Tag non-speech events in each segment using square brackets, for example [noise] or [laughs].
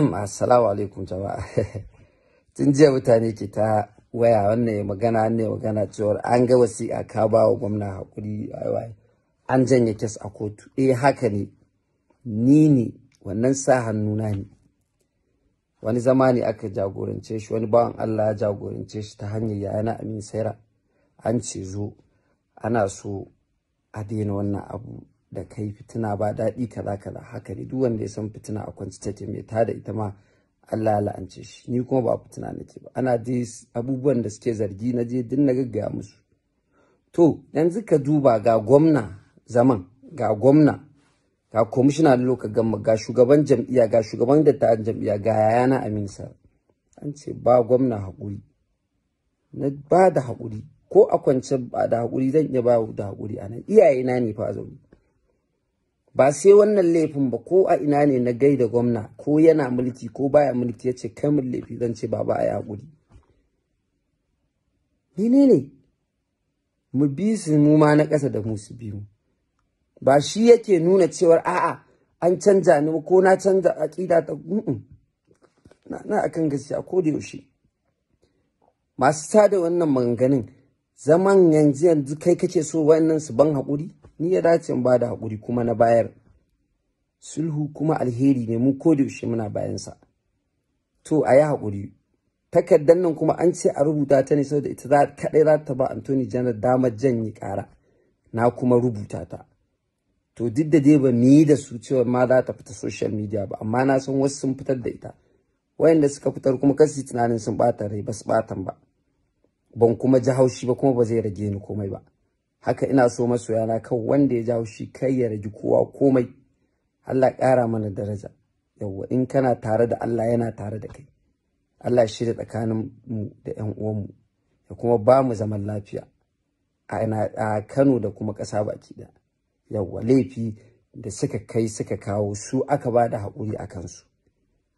assalamu alaikum jama'a [laughs] tun jiya mutane ke ta waya wannan ya magana ne magana cewar an ga wasiƙa ka ba wa gwamna hakuri an janye kes a kotu eh haka ne ni ne wannan sa na ne wani zama ne aka jagorance shi wani bawan Allah ya jagorance shi ta hanyar yaya na amin saira an ce zo ana so a daina wannan abu da kai fitina ba daɗi kaza kaza haka ne duk wanda ya san fitina a kwanci take mai da ita ma Allah ya shi ni kuma ba fitina nake ba ana je abubuwan da suke zargi na je din na gaggaya musu to yanzu ka duba ga gwamna zaman ga gwamna ga komishina na lokacin gama ga shugaban jam'iyya ga shugaban ta jam'iyya ga yayana aminsa an ce ba gwamna haƙuri na ba da haƙuri ko a kwance ba da haƙuri zan iya ba da hakuri anan. nan iyayena ne fa zaune ba sai wannan laifin ba ko a ina ne na gai da gwamna ko yana mulki ko baya mulki yace kai mun laifi zan ce baba ai hakuri ne!" mu bi su mu ma na ƙasa da mu su biyu ba shi yake nuna cewar a'a an canja ni ko na canza aƙida ta na na akan gaskiya ko da yaushe masu sada wannan maganganun zaman yanzu yanzu kai kake so wayannan su ban haƙuri ni ya dace in bada hakuri kuma na bayar sulhu kuma alheri ne mu ko da yaushe muna sa to a yi haƙuri takardar nan kuma an ce a rubuta ta ne saboda ita kaɗai za ta ba Anthony Janar damar janye kara na kuma rubuta ta to duk da dai ba ni da su cewa ma za ta fita social media ba amma na san wasu sun fitar da ita wayanda suka fitar kuma kasi tunanin sun ɓata rai ba su ɓatan ba ban kuma ji haushi ba kuma ba zai rage ni komai ba haka ina so masoyana kan wanda ya jawo shi kai ya ragi kowa komai Allah kara mana daraja yawwa in kana tare da Allah yana tare da kai Allah shi da tsakanin mu da ƴan uwanmu ya kuma ba mu zaman lafiya a Kano da kuma ƙasa baki da yawwa laifi da suka kai suka kawo su aka ba da haƙuri a kansu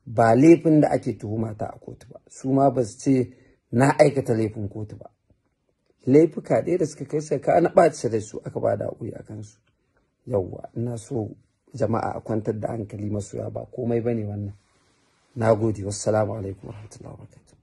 ba laifin da ake tuhuma ta a kotu ba su ma ba su ce na aikata laifin kotu ba laifuka ɗaya da suka kai sai ka ana ɓaci da su aka bada da a kansu yawwa ina so jama'a a kwantar da hankali masoya ba komai bane wannan na gode wassalamu alaikum warahmatullahi wabarakatuh